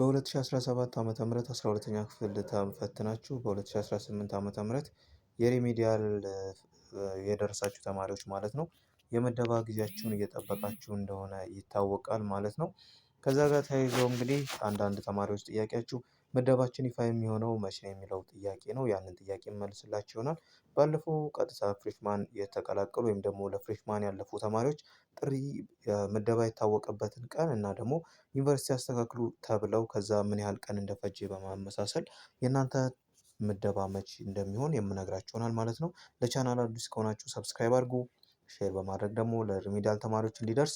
በ2017 ዓ ም 12ኛ ክፍል ተፈትናችሁ በ2018 ዓ ም የሪሚዲያል የደረሳችሁ ተማሪዎች ማለት ነው የመደባ ጊዜያችሁን እየጠበቃችሁ እንደሆነ ይታወቃል ማለት ነው። ከዛ ጋር ተያይዘው እንግዲህ አንዳንድ ተማሪዎች ጥያቄያችሁ ምደባችን ይፋ የሚሆነው መቼ ነው የሚለው ጥያቄ ነው ያንን ጥያቄ መልስላቸው ይሆናል። ባለፈው ቀጥታ ፍሬሽማን የተቀላቀሉ ወይም ደግሞ ለፍሬሽማን ያለፉ ተማሪዎች ጥሪ ምደባ የታወቀበትን ቀን እና ደግሞ ዩኒቨርሲቲ ያስተካክሉ ተብለው ከዛ ምን ያህል ቀን እንደፈጀ በማመሳሰል የእናንተ ምደባ መቼ እንደሚሆን የምነግራችሁ ይሆናል ማለት ነው። ለቻናል አዲስ ከሆናችሁ ሰብስክራይብ አድርጉ ሼር በማድረግ ደግሞ ለሪሚዲያል ተማሪዎች እንዲደርስ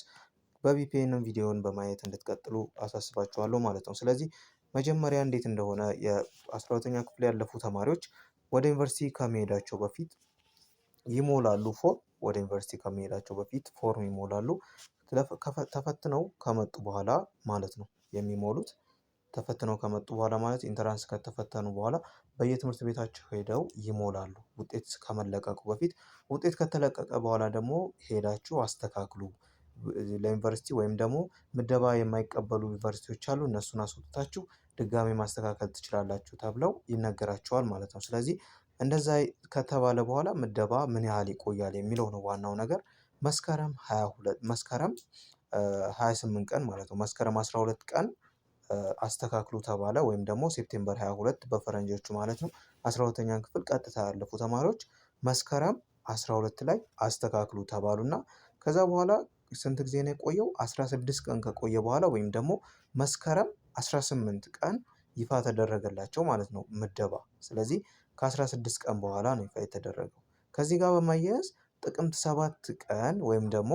በቪፒኤንም ቪዲዮን በማየት እንድትቀጥሉ አሳስባችኋለሁ ማለት ነው። ስለዚህ መጀመሪያ እንዴት እንደሆነ የአስራ ሁለተኛ ክፍል ያለፉ ተማሪዎች ወደ ዩኒቨርሲቲ ከመሄዳቸው በፊት ይሞላሉ ፎርም ወደ ዩኒቨርሲቲ ከመሄዳቸው በፊት ፎርም ይሞላሉ። ተፈትነው ከመጡ በኋላ ማለት ነው የሚሞሉት። ተፈትነው ከመጡ በኋላ ማለት ኢንትራንስ ከተፈተኑ በኋላ በየትምህርት ቤታቸው ሄደው ይሞላሉ። ውጤት ከመለቀቁ በፊት ውጤት ከተለቀቀ በኋላ ደግሞ ሄዳችሁ አስተካክሉ ለዩኒቨርሲቲ ወይም ደግሞ ምደባ የማይቀበሉ ዩኒቨርሲቲዎች አሉ። እነሱን አስወጥታችሁ ድጋሚ ማስተካከል ትችላላችሁ ተብለው ይነገራቸዋል ማለት ነው። ስለዚህ እንደዛ ከተባለ በኋላ ምደባ ምን ያህል ይቆያል የሚለው ነው ዋናው ነገር። መስከረም 22 መስከረም 28 ቀን ማለት ነው። መስከረም 12 ቀን አስተካክሉ ተባለ፣ ወይም ደግሞ ሴፕቴምበር 22 በፈረንጆቹ ማለት ነው። 12ኛን ክፍል ቀጥታ ያለፉ ተማሪዎች መስከረም 12 ላይ አስተካክሉ ተባሉና ከዛ በኋላ ስንት ጊዜ ነው የቆየው? 16 ቀን ከቆየ በኋላ ወይም ደግሞ መስከረም 18 ቀን ይፋ ተደረገላቸው ማለት ነው ምደባ። ስለዚህ ከ16 ቀን በኋላ ነው ይፋ የተደረገው። ከዚህ ጋር በማያያዝ ጥቅምት 7 ቀን ወይም ደግሞ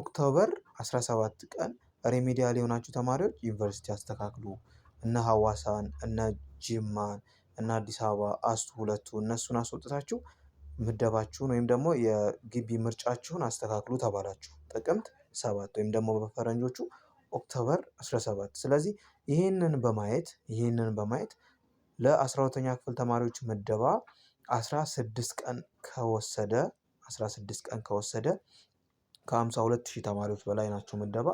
ኦክቶበር 17 ቀን ሬሜዲያል የሆናችሁ ተማሪዎች ዩኒቨርሲቲ አስተካክሉ። እነ ሐዋሳን፣ እነ ጅማን፣ እነ አዲስ አበባ አስቱ ሁለቱ እነሱን አስወጥታችሁ ምደባችሁን ወይም ደግሞ የግቢ ምርጫችሁን አስተካክሉ ተባላችሁ ጥቅምት ሰባት ወይም ደግሞ በፈረንጆቹ ኦክቶበር 17 ስለዚህ ይህንን በማየት ይህንን በማየት ለ12ተኛ ክፍል ተማሪዎች ምደባ 16 ቀን ከወሰደ 16 ቀን ከወሰደ ከ ሁለት ሺህ ተማሪዎች በላይ ናቸው ምደባ።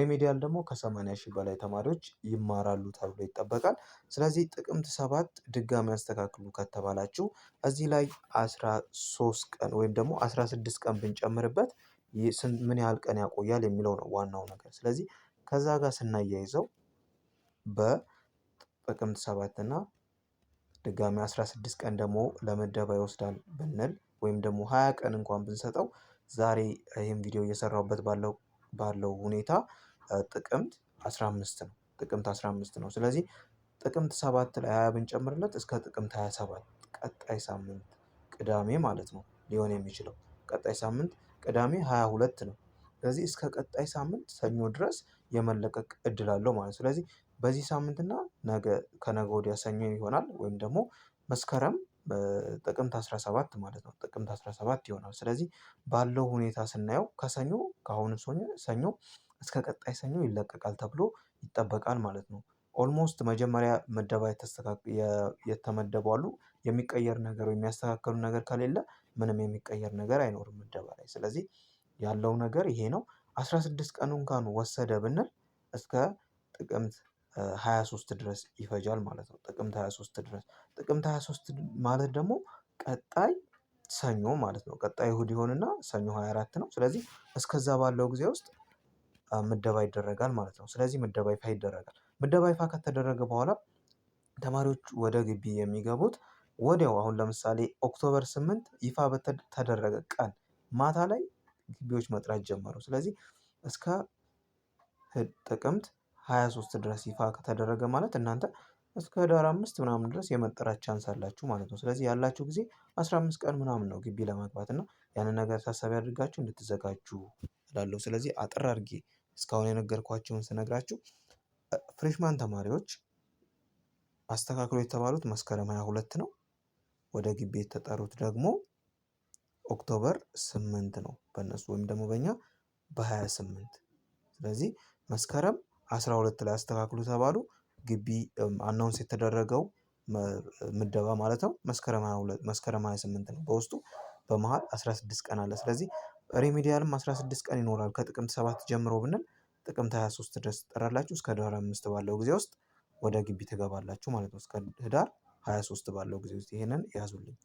ሪሜዲያል ደግሞ ከ ሺህ በላይ ተማሪዎች ይማራሉ ተብሎ ይጠበቃል። ስለዚህ ጥቅምት ሰባት ድጋሚ አስተካክሉ ከተባላችሁ እዚህ ላይ ሶስት ቀን ወይም ደግሞ አስራ ስድስት ቀን ብንጨምርበት ምን ያህል ቀን ያቆያል የሚለው ነው ዋናው ነገር። ስለዚህ ከዛ ጋር ስናያይዘው በጥቅምት ሰባት እና ድጋሚ ስድስት ቀን ደግሞ ለምደባ ይወስዳል ብንል ወይም ደግሞ ሀያ ቀን እንኳን ብንሰጠው ዛሬ ይህም ቪዲዮ እየሰራሁበት ባለው ሁኔታ ጥቅምት 15 ነው ጥቅምት 15 ነው። ስለዚህ ጥቅምት ሰባት ላይ 20 ብንጨምርለት እስከ ጥቅምት 27 ቀጣይ ሳምንት ቅዳሜ ማለት ነው ሊሆን የሚችለው ቀጣይ ሳምንት ቅዳሜ 22 ነው። ስለዚህ እስከ ቀጣይ ሳምንት ሰኞ ድረስ የመለቀቅ እድል አለው ማለት ስለዚህ በዚህ ሳምንትና ነገ ከነገ ወዲያ ሰኞ ይሆናል ወይም ደግሞ መስከረም ጥቅምት 17 ማለት ነው። ጥቅምት 17 ይሆናል። ስለዚህ ባለው ሁኔታ ስናየው ከሰኞ ከአሁኑ ሰኞ እስከ ቀጣይ ሰኞ ይለቀቃል ተብሎ ይጠበቃል ማለት ነው። ኦልሞስት መጀመሪያ መደባ የተመደቡ አሉ። የሚቀየር ነገር ወይ የሚያስተካከሉ ነገር ከሌለ ምንም የሚቀየር ነገር አይኖርም መደባ ላይ። ስለዚህ ያለው ነገር ይሄ ነው። 16 ቀን እንኳን ወሰደ ብንል እስከ ጥቅምት 23 ድረስ ይፈጃል ማለት ነው። ጥቅምት 23 ድረስ ጥቅምት 23 ማለት ደግሞ ቀጣይ ሰኞ ማለት ነው። ቀጣይ እሁድ ይሆንና ሰኞ 24 ነው። ስለዚህ እስከዛ ባለው ጊዜ ውስጥ ምደባ ይደረጋል ማለት ነው። ስለዚህ ምደባ ይፋ ይደረጋል። ምደባ ይፋ ከተደረገ በኋላ ተማሪዎች ወደ ግቢ የሚገቡት ወዲያው አሁን ለምሳሌ ኦክቶበር 8 ይፋ በተደረገ ቀን ማታ ላይ ግቢዎች መጥራት ጀመሩ። ስለዚህ እስከ ጥቅምት ሃያ ሶስት ድረስ ይፋ ከተደረገ ማለት እናንተ እስከ ህዳር አምስት ምናምን ድረስ የመጠራት ቻንስ አላችሁ ማለት ነው። ስለዚህ ያላችሁ ጊዜ 15 ቀን ምናምን ነው ግቢ ለመግባት እና ያንን ነገር ታሳቢ አድርጋችሁ እንድትዘጋጁ እላለሁ። ስለዚህ አጠር አድርጌ እስካሁን የነገርኳቸውን ስነግራችሁ ፍሬሽማን ተማሪዎች አስተካክሎ የተባሉት መስከረም 22 ሁለት ነው። ወደ ግቢ የተጠሩት ደግሞ ኦክቶበር 8 ነው በእነሱ ወይም ደግሞ በእኛ በ28። ስለዚህ መስከረም አስራ ሁለት ላይ አስተካክሉ ተባሉ። ግቢ አናውንስ የተደረገው ምደባ ማለት ነው መስከረም 28 ነው። በውስጡ በመሃል 16 ቀን አለ። ስለዚህ ሪሚዲያልም 16 ቀን ይኖራል። ከጥቅምት 7 ጀምሮ ብንል ጥቅምት 23 ድረስ ትጠራላችሁ። እስከ ህዳር 5 ባለው ጊዜ ውስጥ ወደ ግቢ ትገባላችሁ ማለት ነው። እስከ ህዳር 23 ባለው ጊዜ ውስጥ ይሄንን ያዙልኝ።